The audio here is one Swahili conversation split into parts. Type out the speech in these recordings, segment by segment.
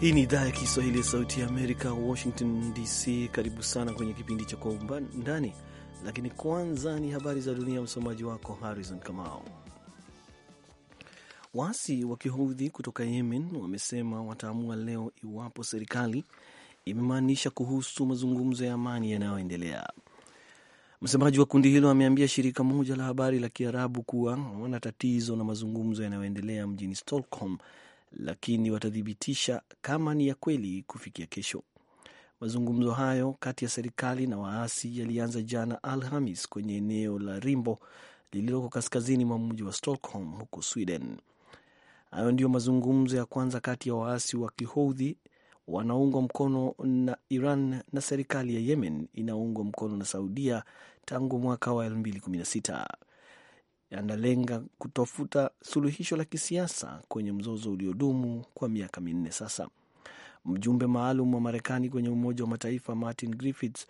Hii ni idhaa ya Kiswahili ya Sauti ya Amerika, Washington DC. Karibu sana kwenye kipindi cha Kwa Undani, lakini kwanza ni habari za dunia. Msomaji wako Harrison kama Waasi wa kihudhi kutoka Yemen wamesema wataamua leo iwapo serikali imemaanisha kuhusu mazungumzo ya amani yanayoendelea. Msemaji wa kundi hilo ameambia shirika moja la habari la Kiarabu kuwa wana tatizo na mazungumzo yanayoendelea mjini Stockholm lakini watathibitisha kama ni ya kweli kufikia kesho. Mazungumzo hayo kati ya serikali na waasi yalianza jana Alhamis kwenye eneo la Rimbo lililoko kaskazini mwa mji wa Stockholm huko Sweden. Hayo ndiyo mazungumzo ya kwanza kati ya waasi wa Kihoudhi wanaungwa mkono na Iran na serikali ya Yemen inaungwa mkono na Saudia tangu mwaka wa 2016 yanalenga kutafuta suluhisho la kisiasa kwenye mzozo uliodumu kwa miaka minne sasa. Mjumbe maalum wa Marekani kwenye Umoja wa Mataifa Martin Griffiths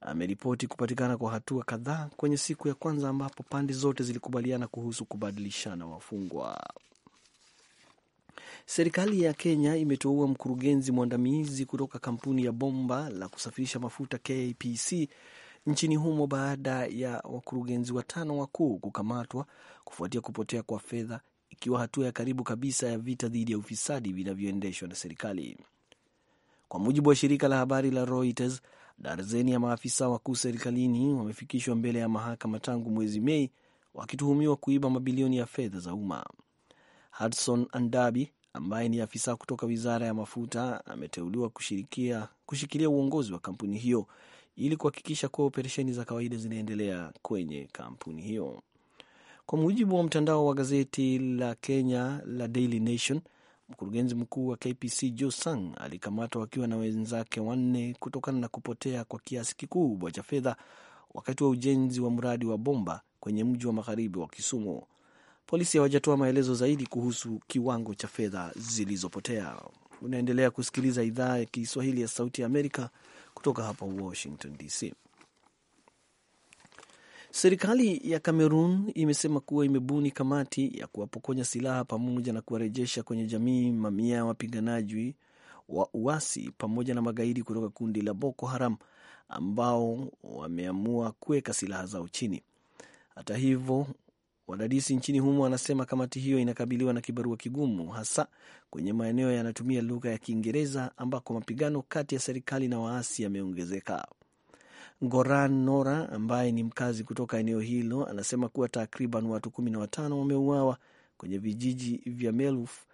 ameripoti kupatikana kwa hatua kadhaa kwenye siku ya kwanza ambapo pande zote zilikubaliana kuhusu kubadilishana wafungwa. Serikali ya Kenya imetoua mkurugenzi mwandamizi kutoka kampuni ya bomba la kusafirisha mafuta KPC nchini humo baada ya wakurugenzi watano wakuu kukamatwa kufuatia kupotea kwa fedha, ikiwa hatua ya karibu kabisa ya vita dhidi ya ufisadi vinavyoendeshwa na serikali. Kwa mujibu wa shirika la habari la Reuters, darzeni ya maafisa wakuu serikalini wamefikishwa mbele ya mahakama tangu mwezi Mei wakituhumiwa kuiba mabilioni ya fedha za umma. Hudson Andabi ambaye ni afisa kutoka wizara ya mafuta ameteuliwa kushikilia uongozi wa kampuni hiyo ili kuhakikisha kuwa operesheni za kawaida zinaendelea kwenye kampuni hiyo. Kwa mujibu wa mtandao wa gazeti la Kenya la Daily Nation, mkurugenzi mkuu wa KPC Joe Sang alikamatwa akiwa na wenzake wanne kutokana na kupotea kwa kiasi kikubwa cha fedha wakati wa ujenzi wa mradi wa bomba kwenye mji wa magharibi wa Kisumu. Polisi hawajatoa maelezo zaidi kuhusu kiwango cha fedha zilizopotea. Unaendelea kusikiliza idhaa ya Kiswahili ya Sauti ya Amerika kutoka hapa Washington DC. Serikali ya cameron imesema kuwa imebuni kamati ya kuwapokonya silaha pamoja na kuwarejesha kwenye jamii mamia ya wapiganaji wa uasi pamoja na magaidi kutoka kundi la Boko Haram ambao wameamua kuweka silaha zao chini. Hata hivyo Wadadisi nchini humo wanasema kamati hiyo inakabiliwa na kibarua kigumu, hasa kwenye maeneo yanatumia lugha ya Kiingereza ambako mapigano kati ya serikali na waasi yameongezeka. Goran Nora ambaye ni mkazi kutoka eneo hilo anasema kuwa takriban watu kumi na watano wameuawa kwenye vijiji vya Meluf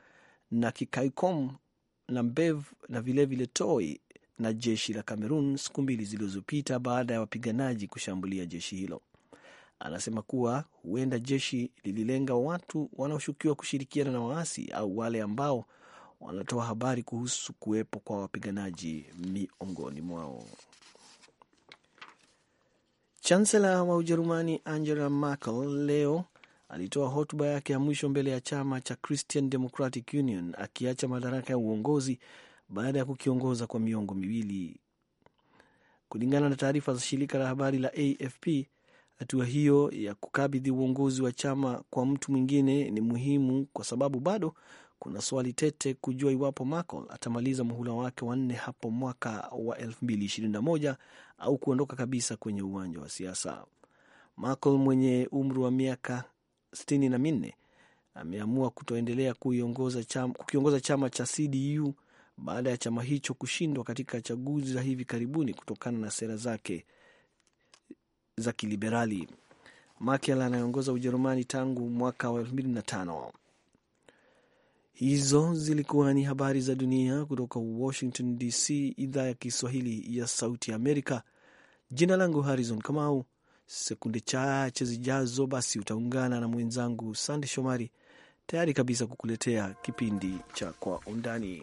na Kikaikom na Mbev na vilevile Toi na jeshi la Cameroon siku mbili zilizopita baada ya wapiganaji kushambulia jeshi hilo anasema kuwa huenda jeshi lililenga watu wanaoshukiwa kushirikiana na waasi au wale ambao wanatoa habari kuhusu kuwepo kwa wapiganaji miongoni mwao. Chansela wa Ujerumani Angela Merkel leo alitoa hotuba yake ya mwisho mbele ya chama cha Christian Democratic Union akiacha madaraka ya uongozi baada ya kukiongoza kwa miongo miwili. Kulingana na taarifa za shirika la habari la AFP, Hatua hiyo ya kukabidhi uongozi wa chama kwa mtu mwingine ni muhimu kwa sababu bado kuna swali tete kujua iwapo Merkel atamaliza muhula wake wanne hapo mwaka wa 2021 au kuondoka kabisa kwenye uwanja wa siasa. Merkel mwenye umri wa miaka 64 ameamua kutoendelea kukiongoza chama cha CDU baada ya chama hicho kushindwa katika chaguzi za hivi karibuni kutokana na sera zake za kiliberali. Merkel anayeongoza Ujerumani tangu mwaka wa 2005. Hizo zilikuwa ni habari za dunia kutoka Washington DC, idhaa ya Kiswahili ya Sauti Amerika. Jina langu Harrison Kamau. Sekunde chache zijazo, basi utaungana na mwenzangu Sande Shomari, tayari kabisa kukuletea kipindi cha Kwa Undani.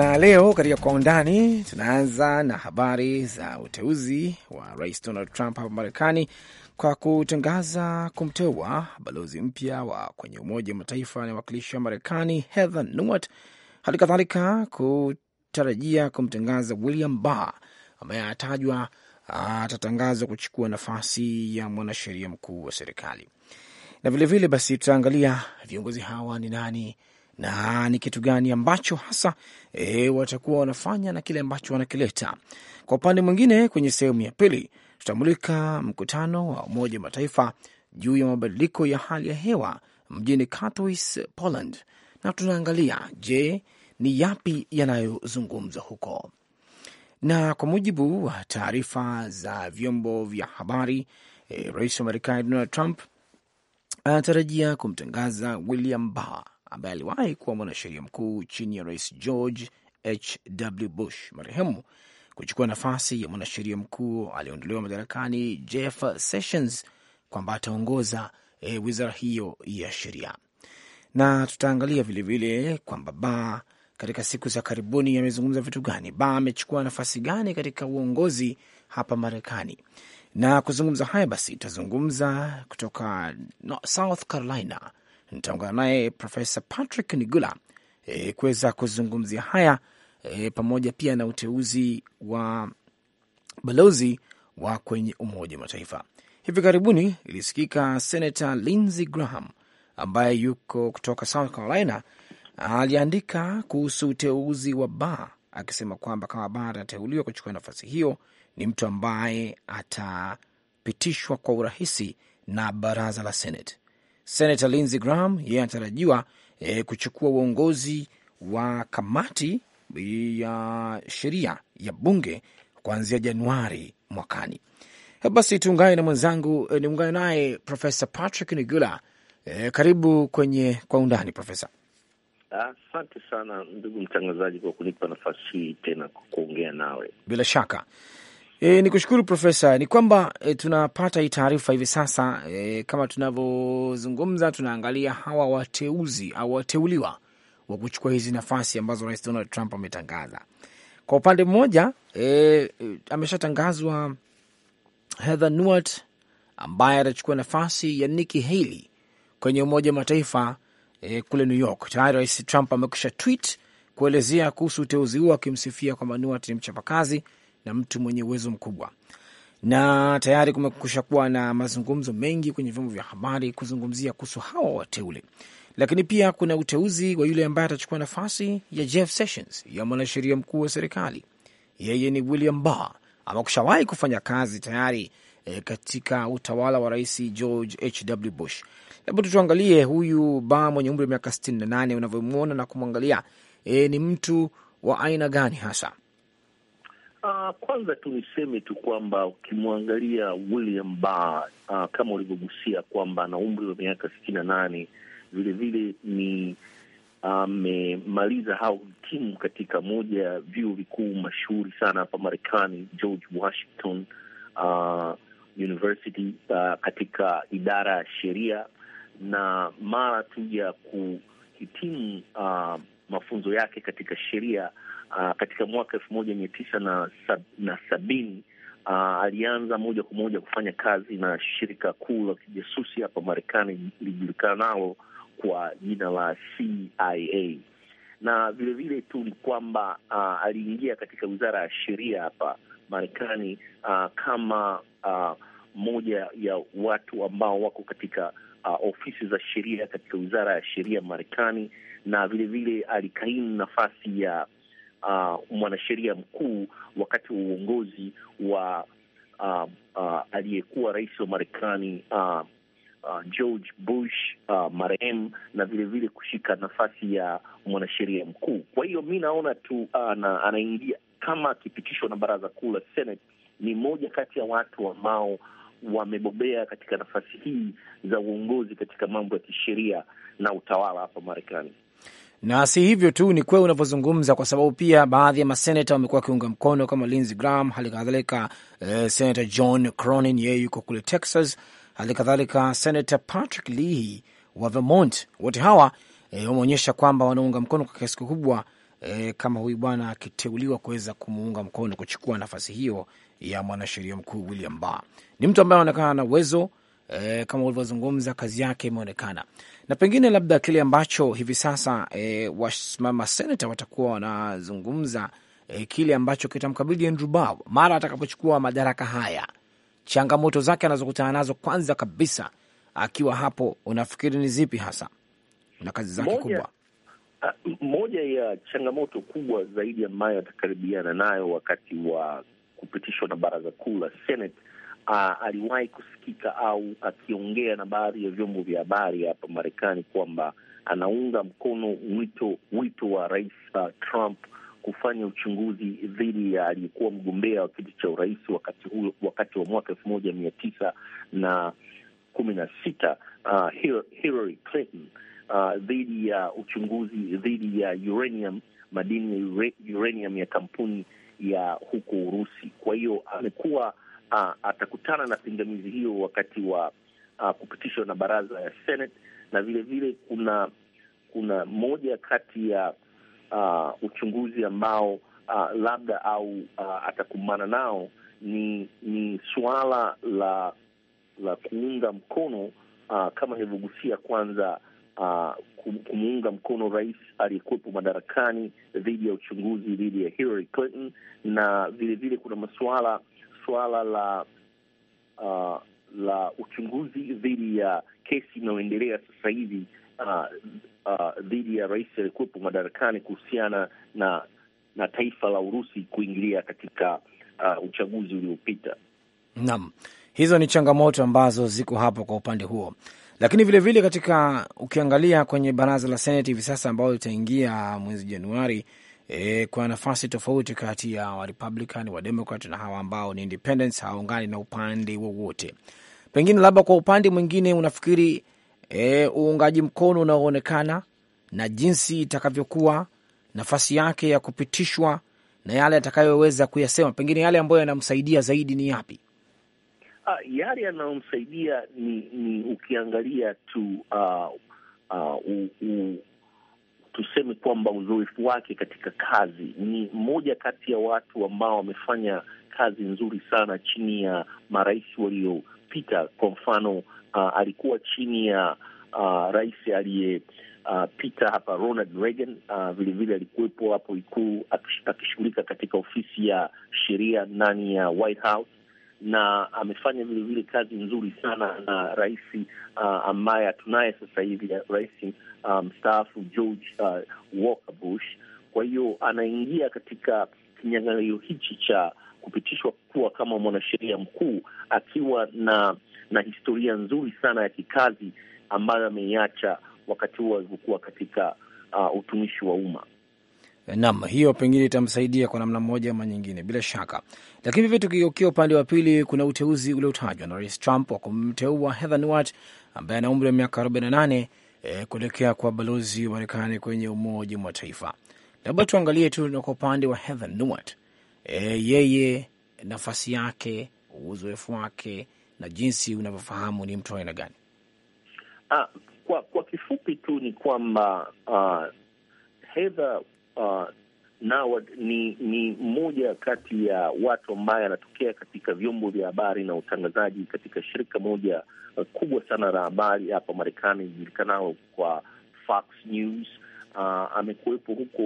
na leo katika kwa undani tunaanza na habari za uteuzi wa Rais Donald Trump hapa Marekani kwa kutangaza kumteua balozi mpya wa kwenye Umoja wa Mataifa anayewakilisha Marekani Heather Nauert, hali kadhalika kutarajia kumtangaza William Barr ambaye anatajwa atatangazwa kuchukua nafasi ya mwanasheria mkuu wa serikali. Na vilevile vile basi tutaangalia viongozi hawa ni nani na ni kitu gani ambacho hasa e, watakuwa wanafanya na kile ambacho wanakileta. Kwa upande mwingine, kwenye sehemu ya pili tutamulika mkutano wa Umoja wa Mataifa juu ya mabadiliko ya hali ya hewa mjini Katowice, Poland, na tunaangalia je, ni yapi yanayozungumzwa huko. Na kwa mujibu wa taarifa za vyombo vya habari e, rais wa Marekani Donald Trump anatarajia kumtangaza William Barr ambaye aliwahi kuwa mwanasheria mkuu chini ya rais George H.W. Bush marehemu, kuchukua nafasi ya mwanasheria mkuu aliyeondolewa madarakani Jeff Sessions kwamba ataongoza e, wizara hiyo ya sheria. Na tutaangalia vilevile kwamba Ba katika siku za karibuni amezungumza vitu gani, Ba amechukua nafasi gani katika uongozi hapa Marekani. Na kuzungumza haya basi, tutazungumza kutoka no, South Carolina nitaungana naye Profesa Patrick Nigula e, kuweza kuzungumzia haya e, pamoja pia na uteuzi wa balozi wa kwenye Umoja wa Mataifa. Hivi karibuni ilisikika Senata Lindsey Graham ambaye yuko kutoka South Carolina aliandika kuhusu uteuzi wa Ba akisema kwamba kama Ba atateuliwa kuchukua nafasi hiyo, ni mtu ambaye atapitishwa kwa urahisi na baraza la Senate. Senata Lindsey Graham yeye anatarajiwa eh, kuchukua uongozi wa kamati ya sheria ya bunge kuanzia Januari mwakani. Eh, basi tuungane na mwenzangu eh, niungane naye Profesa Patrick Nigula. Eh, karibu kwenye kwa undani Profesa. Asante sana ndugu mtangazaji kwa kunipa nafasi hii tena kuongea nawe. Bila shaka E, ni kushukuru Profesa. Ni kwamba e, tunapata hii taarifa hivi sasa e, kama tunavyozungumza, tunaangalia hawa wateuzi au wateuliwa wa kuchukua hizi nafasi ambazo Rais Donald Trump ametangaza. Kwa upande mmoja e, e, ameshatangazwa Heather Nauert ambaye atachukua nafasi ya Nikki Haley kwenye Umoja wa Mataifa e, kule New York. Tayari Rais Trump amekusha tweet kuelezea kuhusu uteuzi huo akimsifia kwamba Nauert ni mchapakazi na mtu mwenye uwezo mkubwa, na tayari kumekusha kuwa na mazungumzo mengi kwenye vyombo vya habari kuzungumzia kuhusu hawa wateule, lakini pia kuna uteuzi wa yule ambaye atachukua nafasi ya Jeff Sessions ya mwanasheria mkuu wa serikali. Yeye ni William Barr, amekushawahi kufanya kazi tayari e, katika utawala wa Rais George H.W. Bush. Labda tutuangalie huyu ba mwenye umri wa miaka 68 unavyomwona na kumwangalia, e, ni mtu wa aina gani hasa? Uh, kwanza tu niseme tu kwamba ukimwangalia William Barr uh, kama ulivyogusia kwamba ana umri wa miaka sitini na nane vilevile ni amemaliza uh, timu katika moja ya vyuo vikuu mashuhuri sana hapa Marekani, George Washington uh, University uh, katika idara ya sheria, na mara tu ya kuhitimu uh, mafunzo yake katika sheria Uh, katika mwaka elfu moja mia tisa na, sab, na sabini uh, alianza moja kwa moja kufanya kazi na shirika kuu la kijasusi hapa Marekani nalo kwa jina la CIA na vilevile tu ni kwamba uh, aliingia katika wizara ya sheria hapa Marekani uh, kama uh, moja ya watu ambao wako katika uh, ofisi za sheria katika wizara ya sheria Marekani, na vilevile alikaimu nafasi ya uh, mwanasheria mkuu wakati wa uongozi wa uh, uh, aliyekuwa rais wa Marekani uh, uh, George Bush uh, marehemu, na vilevile vile kushika nafasi ya mwanasheria mkuu. Kwa hiyo mi naona tu uh, na, anaingia kama akipitishwa na baraza kuu la Senate, ni moja kati ya watu ambao wamebobea katika nafasi hii za uongozi katika mambo ya kisheria na utawala hapa Marekani na si hivyo tu, ni kweli unavyozungumza, kwa sababu pia baadhi ya maseneta wamekuwa wakiunga mkono kama Lindsey Graham, hali kadhalika eh, senata John Cronin, yeye yuko kule Texas, hali kadhalika senata Patrick Leahy wa Vermont. Wote hawa eh, wameonyesha kwamba wanaunga mkono kwa kiasi kikubwa eh, kama huyu bwana akiteuliwa kuweza kumuunga mkono kuchukua nafasi hiyo ya mwanasheria mkuu William Barr. Ni mtu ambaye anaonekana na uwezo e, kama ulivyozungumza kazi yake imeonekana, na pengine labda kile ambacho hivi sasa e, eh, wasimama senata watakuwa wanazungumza e, kile ambacho kitamkabidhi Andrew Barr mara atakapochukua madaraka haya, changamoto zake anazokutana nazo, kwanza kabisa akiwa hapo, unafikiri ni zipi hasa na kazi zake kubwa? Ah, moja ya changamoto kubwa zaidi ambayo atakaribiana nayo wakati wa kupitishwa na baraza kuu la Senate uh, aliwahi kusikika au akiongea na baadhi ya vyombo vya habari hapa Marekani kwamba anaunga mkono wito wito wa rais uh, Trump kufanya uchunguzi dhidi ya aliyekuwa mgombea wa kiti cha urais wakati huo, wakati wa mwaka elfu moja mia tisa na kumi na sita uh, Hillary Clinton dhidi ya uchunguzi dhidi ya uranium, madini ya uranium ya kampuni ya huko Urusi. Kwa hiyo amekuwa uh, atakutana na pingamizi hiyo wakati wa uh, kupitishwa na baraza ya Senate, na vilevile vile kuna kuna moja kati ya uh, uchunguzi ambao uh, labda au uh, atakumbana nao ni ni suala la la kuunga mkono uh, kama ilivyogusia kwanza uh, kumuunga mkono rais aliyekuwepo madarakani dhidi ya uchunguzi dhidi ya Hillary Clinton, na vilevile kuna masuala suala la uh, la uchunguzi dhidi ya kesi inayoendelea sasa hivi dhidi uh, uh, ya rais aliyekuwepo madarakani kuhusiana na na taifa la Urusi kuingilia katika uh, uchaguzi uliopita. Naam, hizo ni changamoto ambazo ziko hapo kwa upande huo, lakini vilevile vile katika ukiangalia kwenye baraza la Seneti hivi sasa ambayo itaingia mwezi Januari e, kwa nafasi tofauti kati ya Warepublican, Wademokrat na hawa ambao ni independents, hawaungani na upande wowote. Pengine labda kwa upande mwingine unafikiri e, uungaji mkono unaoonekana na jinsi itakavyokuwa nafasi yake ya kupitishwa na yale atakayoweza kuyasema, pengine yale ambayo yanamsaidia zaidi ni yapi? Uh, yale yanayomsaidia ni, ni ukiangalia tu uh, uh, tuseme kwamba uzoefu wake katika kazi, ni mmoja kati ya watu ambao wamefanya kazi nzuri sana chini ya marais waliopita. Kwa mfano, uh, alikuwa chini ya uh, rais aliyepita uh, hapa Ronald Reagan. Uh, vilevile alikuwepo hapo ikuu akishughulika katika ofisi ya sheria ndani ya White House na amefanya vilevile kazi nzuri sana na rais uh, ambaye hatunaye sasa hivi, uh, rais mstaafu um, George uh, Walker Bush. Kwa hiyo anaingia katika kinyang'anyiro hichi cha kupitishwa kuwa kama mwanasheria mkuu akiwa na na historia nzuri sana ya kikazi ambayo ameiacha wakati huo alivyokuwa katika uh, utumishi wa umma. Naam, hiyo pengine itamsaidia kwa namna moja ama nyingine, bila shaka. Lakini vivyo tukigeukia upande wa pili, kuna uteuzi uliotajwa na Rais Trump wa kumteua Heather Nauert ambaye ana umri wa miaka 48 e, eh, kuelekea kwa balozi wa Marekani kwenye Umoja wa Mataifa. Labda tuangalie tu na kwa upande wa Heather Nauert, eh, yeye nafasi yake, uzoefu wake na jinsi unavyofahamu ni mtu aina gani? Ah, kwa, kwa kifupi tu ni kwamba uh, Heather Uh, na wa, ni ni mmoja kati ya watu ambaye anatokea katika vyombo vya habari na utangazaji katika shirika moja uh, kubwa sana la habari hapa Marekani ijulikanao kwa Fox News. Uh, amekuwepo huko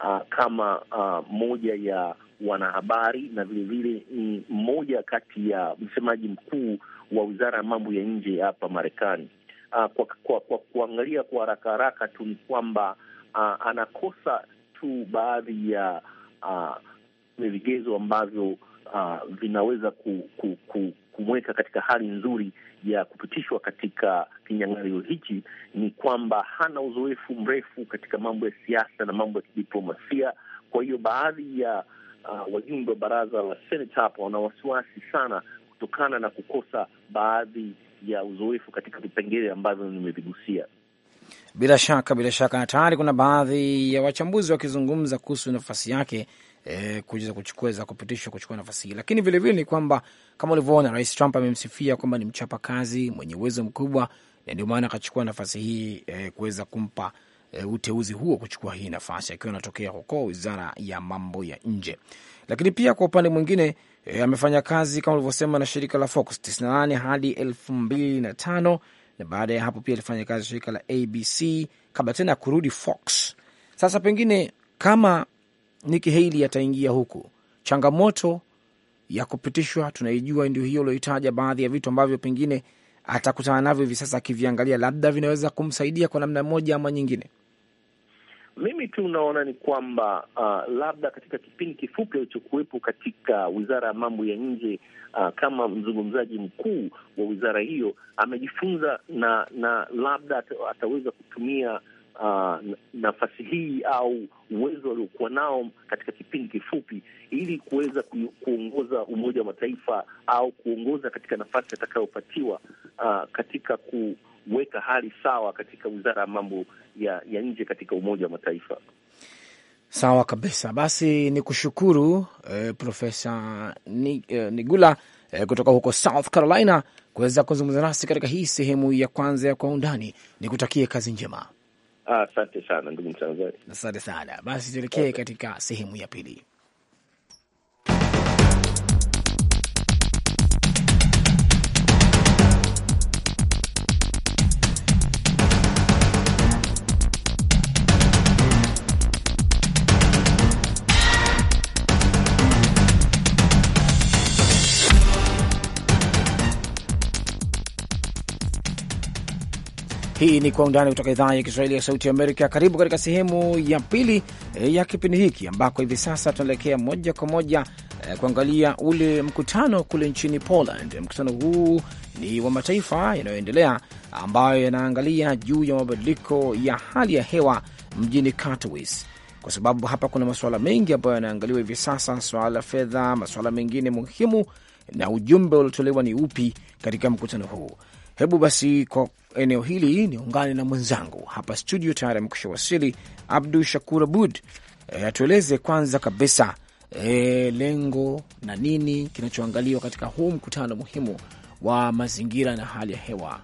uh, kama uh, moja ya wanahabari na vilevile ni mmoja kati ya msemaji mkuu wa wizara ya mambo ya nje hapa Marekani. Uh, kwa, kwa, kwa kuangalia kwa haraka haraka tu ni kwamba uh, anakosa tu baadhi ya uh, vigezo ambavyo uh, vinaweza ku, ku, ku, kumweka katika hali nzuri ya kupitishwa katika kinyang'anyiro hichi ni kwamba hana uzoefu mrefu katika mambo ya siasa na mambo ya kidiplomasia. Kwa hiyo baadhi ya uh, wajumbe wa baraza la Seneti hapa wana wasiwasi sana kutokana na kukosa baadhi ya uzoefu katika vipengele ambavyo nimevigusia. Bila shaka, bila shaka, na tayari kuna baadhi ya wachambuzi wakizungumza kuhusu nafasi yake e, kuweza kuchukua za kupitishwa kuchukua nafasi hii, lakini vilevile ni kwamba kama ulivyoona, Rais Trump amemsifia kwamba ni mchapa kazi mwenye uwezo mkubwa, na ndio maana akachukua nafasi hii e, kuweza kumpa e, uteuzi huo kuchukua hii nafasi akiwa anatokea huko wizara ya mambo ya nje. Lakini pia kwa upande mwingine e, amefanya kazi kama ulivyosema na shirika la Fox 98 hadi elfu mbili na tano na baada ya hapo pia alifanya kazi shirika la ABC kabla tena kurudi Fox. Sasa pengine kama Nikki Haley ataingia huku, changamoto ya kupitishwa tunaijua, ndio hiyo ulioitaja, baadhi ya vitu ambavyo pengine atakutana navyo hivi sasa, akiviangalia labda vinaweza kumsaidia kwa namna moja ama nyingine. Mimi tu naona ni kwamba uh, labda katika kipindi kifupi alichokuwepo katika wizara ya mambo ya nje uh, kama mzungumzaji mkuu wa wizara hiyo amejifunza na na labda ataweza kutumia Uh, nafasi hii au uwezo aliokuwa nao katika kipindi kifupi ili kuweza kuongoza Umoja wa Mataifa au kuongoza katika nafasi atakayopatiwa uh, katika ku, kuweka hali sawa katika wizara ya mambo ya, ya nje katika Umoja wa Mataifa. Sawa kabisa, basi ni kushukuru eh, Profesa ni, eh, Nigula eh, kutoka huko South Carolina kuweza kuzungumza nasi katika hii sehemu ya kwanza ya Kwa Undani. Ni kutakie kazi njema, asante ah, sana ndugu mtangazaji. Asante sana basi tuelekee katika sehemu ya pili. Hii ni Kwa Undani kutoka idhaa ya Kiswahili ya Sauti ya Amerika. Karibu katika sehemu ya pili eh, ya kipindi hiki ambako hivi sasa tunaelekea moja kwa moja eh, kuangalia ule mkutano kule nchini Poland. Mkutano huu ni wa mataifa yanayoendelea ambayo yanaangalia juu ya mabadiliko ya hali ya hewa mjini Katowice, kwa sababu hapa kuna masuala mengi ambayo yanaangaliwa hivi sasa, swala la fedha, masuala mengine muhimu. Na ujumbe uliotolewa ni upi katika mkutano huu? Hebu basi kwa eneo hili, niungane na mwenzangu hapa studio tayari amekusha wasili Abdu Shakur Abud. E, atueleze kwanza kabisa e, lengo na nini kinachoangaliwa katika huu mkutano muhimu wa mazingira na hali ya hewa.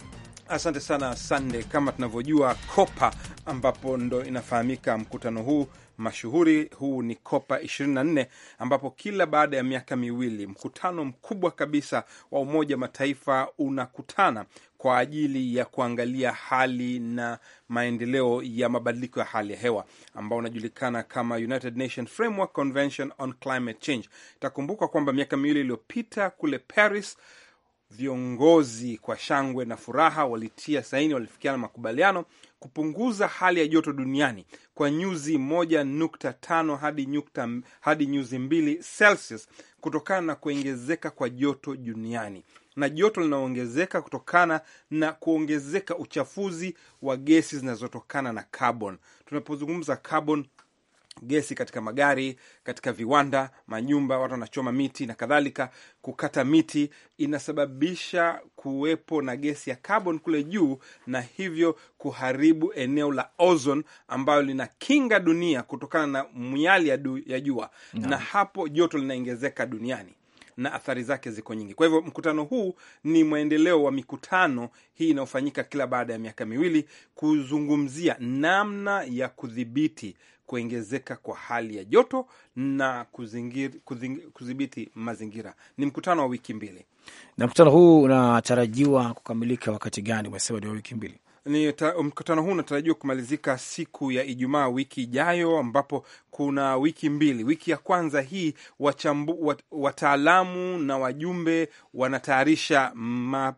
Asante sana Sande. Kama tunavyojua Kopa, ambapo ndo inafahamika mkutano huu mashuhuri huu ni Kopa 24 ambapo kila baada ya miaka miwili mkutano mkubwa kabisa wa Umoja Mataifa unakutana kwa ajili ya kuangalia hali na maendeleo ya mabadiliko ya hali ya hewa ambao unajulikana kama United Nations Framework Convention on Climate Change. Itakumbuka kwamba miaka miwili iliyopita kule Paris viongozi kwa shangwe na furaha walitia saini, walifikiana makubaliano kupunguza hali ya joto duniani kwa nyuzi moja nukta tano hadi nyukta, hadi nyuzi mbili Celsius kutokana na kuongezeka kwa joto duniani na joto linaongezeka kutokana na kuongezeka uchafuzi wa gesi zinazotokana na carbon. Tunapozungumza carbon gesi katika magari, katika viwanda, manyumba, watu wanachoma miti na kadhalika. Kukata miti inasababisha kuwepo na gesi ya carbon kule juu, na hivyo kuharibu eneo la ozone ambayo linakinga dunia kutokana na miali ya jua, na hapo joto linaongezeka duniani na athari zake ziko nyingi. Kwa hivyo mkutano huu ni mwendeleo wa mikutano hii inayofanyika kila baada ya miaka miwili kuzungumzia namna ya kudhibiti kuongezeka kwa hali ya joto na kudhibiti mazingira. Ni mkutano wa wiki mbili, na mkutano huu unatarajiwa kukamilika wakati gani? Umesema ni wa wiki mbili. Mkutano huu unatarajiwa kumalizika siku ya Ijumaa wiki ijayo, ambapo kuna wiki mbili. Wiki ya kwanza hii wachambu, wat, wataalamu na wajumbe wanatayarisha ma,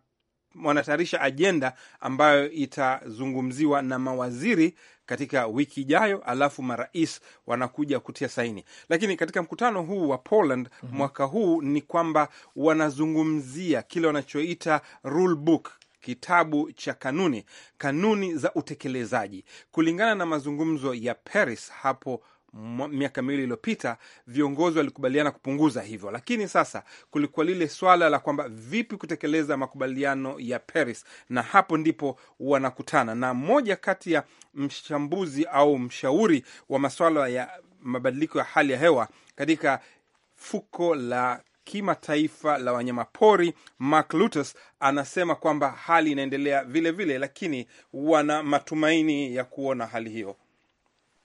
wanatayarisha ajenda ambayo itazungumziwa na mawaziri katika wiki ijayo, alafu marais wanakuja kutia saini. Lakini katika mkutano huu wa Poland mm -hmm. mwaka huu ni kwamba wanazungumzia kile wanachoita rule book kitabu cha kanuni kanuni za utekelezaji. Kulingana na mazungumzo ya Paris hapo miaka miwili iliyopita, viongozi walikubaliana kupunguza hivyo, lakini sasa kulikuwa lile swala la kwamba vipi kutekeleza makubaliano ya Paris, na hapo ndipo wanakutana. Na moja kati ya mchambuzi au mshauri wa maswala ya mabadiliko ya hali ya hewa katika fuko la kimataifa la wanyamapori Mark Lutus anasema kwamba hali inaendelea vilevile, lakini wana matumaini ya kuona hali hiyo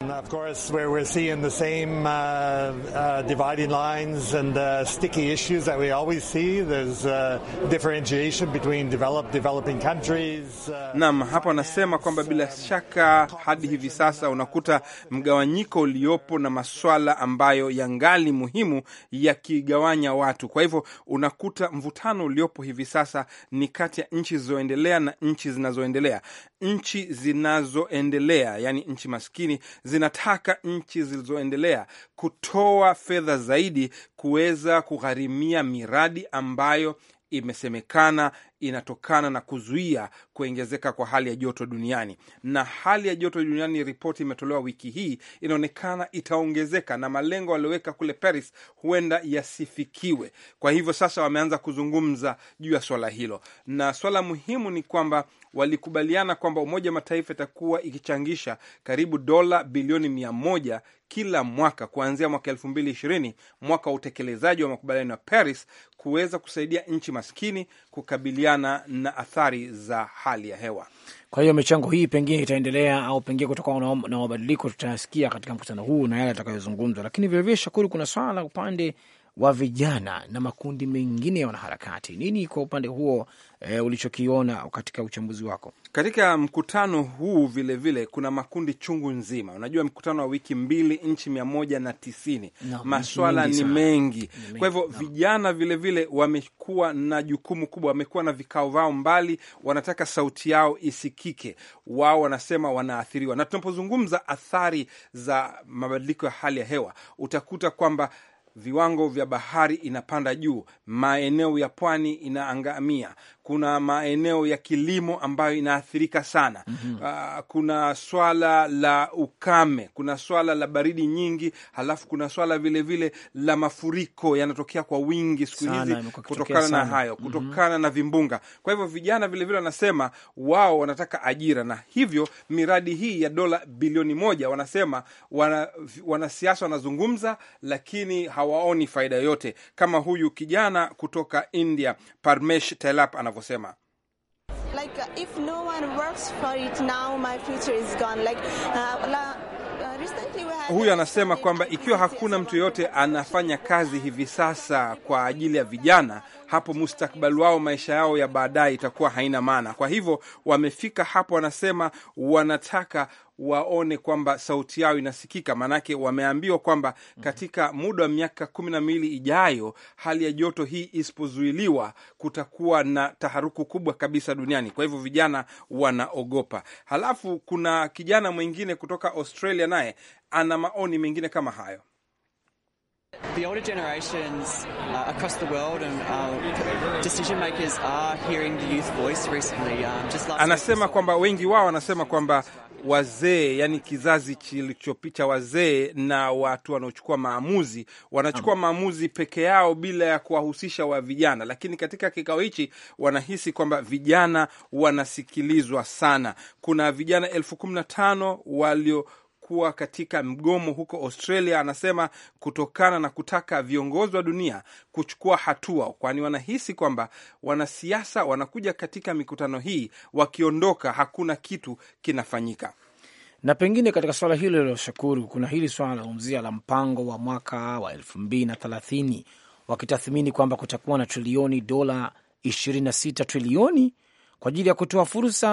Of course, where we're seeing the same uh, uh, dividing lines and uh, sticky issues that we always see. There's uh, differentiation between developed, developing countries. Uh, Naam, hapo anasema kwamba bila um, shaka hadi hivi sasa unakuta mgawanyiko uliopo na maswala ambayo yangali muhimu yakigawanya watu. Kwa hivyo unakuta mvutano uliopo hivi sasa ni kati ya nchi zilizoendelea na nchi zinazoendelea. Nchi zinazoendelea, yani nchi maskini zinataka nchi zilizoendelea kutoa fedha zaidi kuweza kugharimia miradi ambayo imesemekana inatokana na kuzuia kuongezeka kwa hali ya joto duniani. Na hali ya joto duniani, ripoti imetolewa wiki hii, inaonekana itaongezeka na malengo walioweka kule Paris huenda yasifikiwe. Kwa hivyo sasa wameanza kuzungumza juu ya swala hilo, na swala muhimu ni kwamba walikubaliana kwamba Umoja wa Mataifa itakuwa ikichangisha karibu dola bilioni mia moja kila mwaka kuanzia mwaka elfu mbili ishirini mwaka wa utekelezaji wa makubaliano ya Paris kuweza kusaidia nchi maskini kukabiliana na athari za hali ya hewa. Kwa hiyo michango hii pengine itaendelea au pengine kutokana na mabadiliko tutayasikia katika mkutano huu na yale yatakayozungumzwa. Lakini vilevile, Shakuru, kuna swala la upande wa vijana na makundi mengine ya wanaharakati. Nini kwa upande huo e, ulichokiona katika uchambuzi wako katika mkutano huu? Vilevile vile, kuna makundi chungu nzima. Unajua mkutano wa wiki mbili, nchi mia moja na tisini no, maswala ni mengi, kwa hivyo no. Vijana vilevile wamekuwa na jukumu kubwa, wamekuwa na vikao vao mbali, wanataka sauti yao isikike. Wao wanasema wanaathiriwa, na tunapozungumza athari za mabadiliko ya hali ya hewa utakuta kwamba viwango vya bahari inapanda juu, maeneo ya pwani inaangamia kuna maeneo ya kilimo ambayo inaathirika sana mm -hmm. uh, kuna swala la ukame, kuna swala la baridi nyingi, halafu kuna swala vilevile vile la mafuriko yanatokea kwa wingi siku hizi kutokana sana. na hayo mhm. kutokana mm -hmm. na vimbunga. Kwa hivyo vijana vilevile wanasema vile wao wanataka ajira, na hivyo miradi hii ya dola bilioni moja wanasema wana, wanasiasa wanazungumza lakini hawaoni faida yote kama huyu kijana kutoka India Parmesh Telap anavyo anavyosema. like, uh, if no one works for it now, my future is gone. Like, uh, la, uh, huyu anasema kwamba ikiwa hakuna mtu yoyote anafanya kazi hivi sasa kwa ajili ya vijana hapo mustakbali wao maisha yao ya baadaye itakuwa haina maana. Kwa hivyo wamefika hapo, wanasema wanataka waone kwamba sauti yao inasikika. Maanake wameambiwa kwamba mhm. katika muda wa miaka kumi na miwili ijayo, hali ya joto hii isipozuiliwa, kutakuwa na taharuku kubwa kabisa duniani. Kwa hivyo vijana wanaogopa. Halafu kuna kijana mwingine kutoka Australia, naye ana maoni mengine kama hayo. The older generations uh, across the world and uh, decision makers are hearing the youth voice recently. Um, just last anasema kwamba wengi wao wanasema kwamba wazee, yani kizazi kilichopicha wazee na watu wanaochukua maamuzi wanachukua maamuzi peke yao bila ya kuwahusisha wa vijana, lakini katika kikao hichi wanahisi kwamba vijana wanasikilizwa sana. Kuna vijana elfu kumi na tano walio kuwa katika mgomo huko Australia, anasema kutokana na kutaka viongozi wa dunia kuchukua hatua, kwani wanahisi kwamba wanasiasa wanakuja katika mikutano hii, wakiondoka hakuna kitu kinafanyika. Na pengine katika swala hilo liloshukuru, kuna hili swala la umzia la mpango wa mwaka wa elfu mbili na thelathini wakitathmini kwamba kutakuwa na trilioni dola 26 trilioni kwa ajili ya kutoa fursa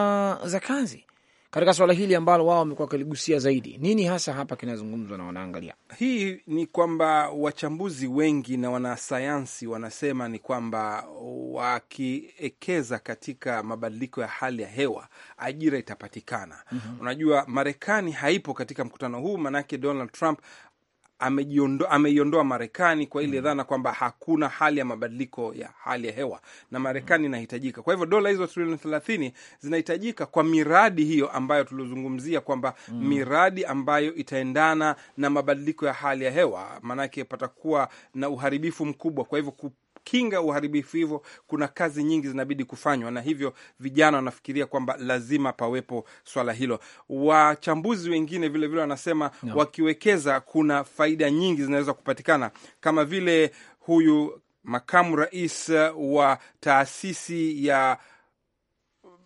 za kazi katika swala hili ambalo wao wamekuwa wakiligusia zaidi, nini hasa hapa kinazungumzwa na wanaangalia? Hii ni kwamba wachambuzi wengi na wanasayansi wanasema ni kwamba wakiekeza katika mabadiliko ya hali ya hewa ajira itapatikana. mm -hmm. Unajua Marekani haipo katika mkutano huu, manake Donald Trump ameiondoa Marekani kwa ile mm. dhana kwamba hakuna hali ya mabadiliko ya hali ya hewa na Marekani mm. inahitajika. Kwa hivyo dola hizo trilioni thelathini zinahitajika kwa miradi hiyo ambayo tuliozungumzia kwamba mm. miradi ambayo itaendana na mabadiliko ya hali ya hewa, maanake patakuwa na uharibifu mkubwa. Kwa hivyo kukinga uharibifu. Hivyo kuna kazi nyingi zinabidi kufanywa, na hivyo vijana wanafikiria kwamba lazima pawepo swala hilo. Wachambuzi wengine vilevile wanasema no. wakiwekeza kuna faida nyingi zinaweza kupatikana kama vile huyu makamu rais uh, wa taasisi ya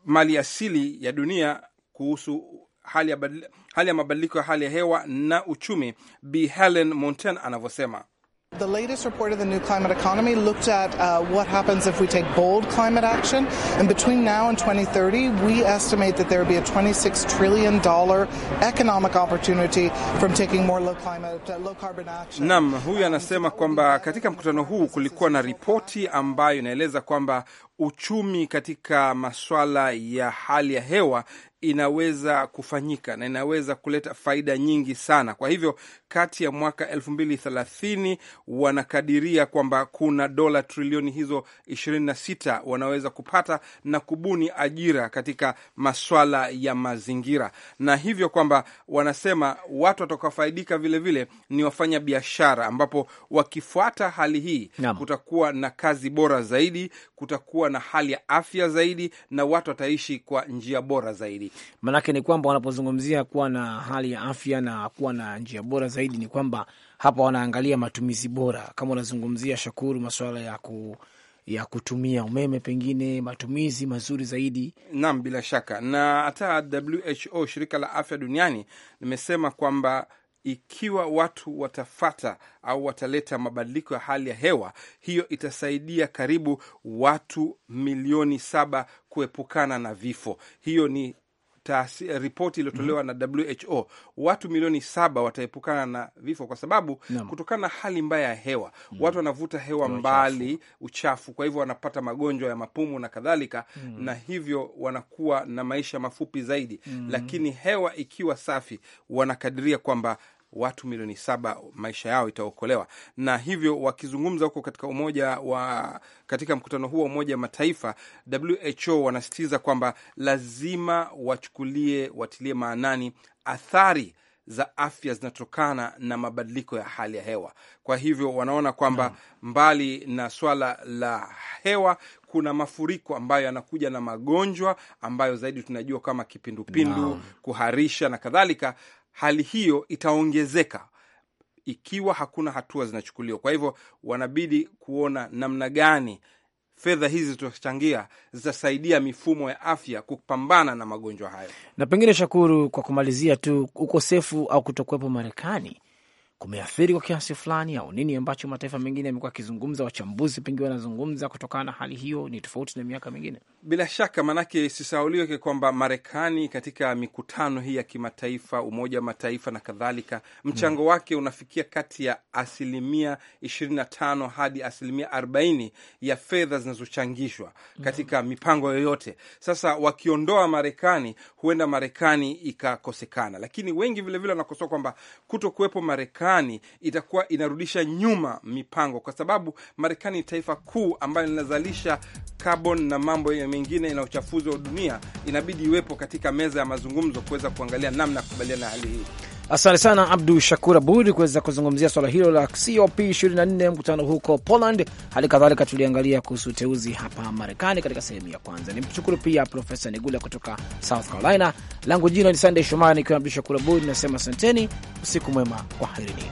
mali asili ya dunia kuhusu hali ya, badil, hali ya mabadiliko ya hali ya hewa na uchumi, Bi Helen Monten anavyosema. The latest report of the new climate economy looked at uh, what happens if we take bold climate action. And between now and 2030, we estimate that there will be a $26 trillion economic opportunity from taking more low climate, uh, low carbon action. Nam, huyu anasema kwamba katika mkutano huu kulikuwa na ripoti ambayo inaeleza kwamba uchumi katika maswala ya hali ya hewa inaweza kufanyika na inaweza kuleta faida nyingi sana. Kwa hivyo kati ya mwaka elfu mbili thelathini wanakadiria kwamba kuna dola trilioni hizo ishirini na sita wanaweza kupata na kubuni ajira katika maswala ya mazingira, na hivyo kwamba wanasema watu watakaofaidika vilevile ni wafanya biashara, ambapo wakifuata hali hii kutakuwa na kazi bora zaidi, kutakuwa watakuwa na hali ya afya zaidi na watu wataishi kwa njia bora zaidi. Maanake ni kwamba wanapozungumzia kuwa na hali ya afya na kuwa na njia bora zaidi, ni kwamba hapa wanaangalia matumizi bora, kama unazungumzia Shakuru, masuala ya ku ya kutumia umeme pengine matumizi mazuri zaidi. Naam, bila shaka. Na hata WHO, shirika la afya duniani, limesema kwamba ikiwa watu watafata au wataleta mabadiliko ya hali ya hewa, hiyo itasaidia karibu watu milioni saba kuepukana na vifo. Hiyo ni Eh, ripoti iliyotolewa mm -hmm. na WHO watu milioni saba wataepukana na vifo kwa sababu Nama. kutokana na hali mbaya ya hewa mm -hmm. watu wanavuta hewa Nama mbali uchafu, Uchafu, kwa hivyo wanapata magonjwa ya mapumu na kadhalika mm -hmm. na hivyo wanakuwa na maisha mafupi zaidi mm -hmm. lakini hewa ikiwa safi wanakadiria kwamba watu milioni saba maisha yao itaokolewa. Na hivyo wakizungumza huko katika umoja wa katika mkutano huo wa Umoja wa Mataifa, WHO wanasisitiza kwamba lazima wachukulie, watilie maanani athari za afya zinatokana na mabadiliko ya hali ya hewa. Kwa hivyo wanaona kwamba mbali na swala la hewa kuna mafuriko ambayo yanakuja na magonjwa ambayo zaidi tunajua kama kipindupindu, no. kuharisha na kadhalika hali hiyo itaongezeka ikiwa hakuna hatua zinachukuliwa. Kwa hivyo wanabidi kuona namna gani fedha hizi zitachangia zitasaidia mifumo ya afya kupambana na magonjwa hayo. Na pengine, Shakuru, kwa kumalizia tu, ukosefu au kutokuwepo Marekani kumeathiri kwa kiasi fulani, au nini ambacho mataifa mengine yamekuwa akizungumza, wachambuzi pengine wanazungumza kutokana na hali hiyo, ni tofauti na miaka mingine bila shaka. Maanake isisauliweke kwamba Marekani katika mikutano hii ya kimataifa, Umoja wa Mataifa na kadhalika, mchango hmm, wake unafikia kati ya asilimia 25 hadi asilimia 40 ya fedha zinazochangishwa katika hmm, mipango yoyote. Sasa wakiondoa Marekani, huenda Marekani ikakosekana, lakini wengi vilevile wanakosoa kwamba kuto kuwepo Marekani Marekani itakuwa inarudisha nyuma mipango, kwa sababu Marekani ni taifa kuu ambayo linazalisha carbon na mambo mengine na uchafuzi wa dunia. Inabidi iwepo katika meza ya mazungumzo kuweza kuangalia namna ya kukubaliana na hali hii. Asante sana Abdu Shakur Abud kuweza kuzungumzia swala hilo la COP 24 mkutano huko Poland. Hali kadhalika tuliangalia kuhusu uteuzi hapa Marekani katika sehemu ya kwanza. Nimshukuru pia Profesa Nigula kutoka South Carolina. Langu jina ni Sandey Shomari nikiwa Abdu Shakur Abud, nasema asanteni, usiku mwema, kwaherini.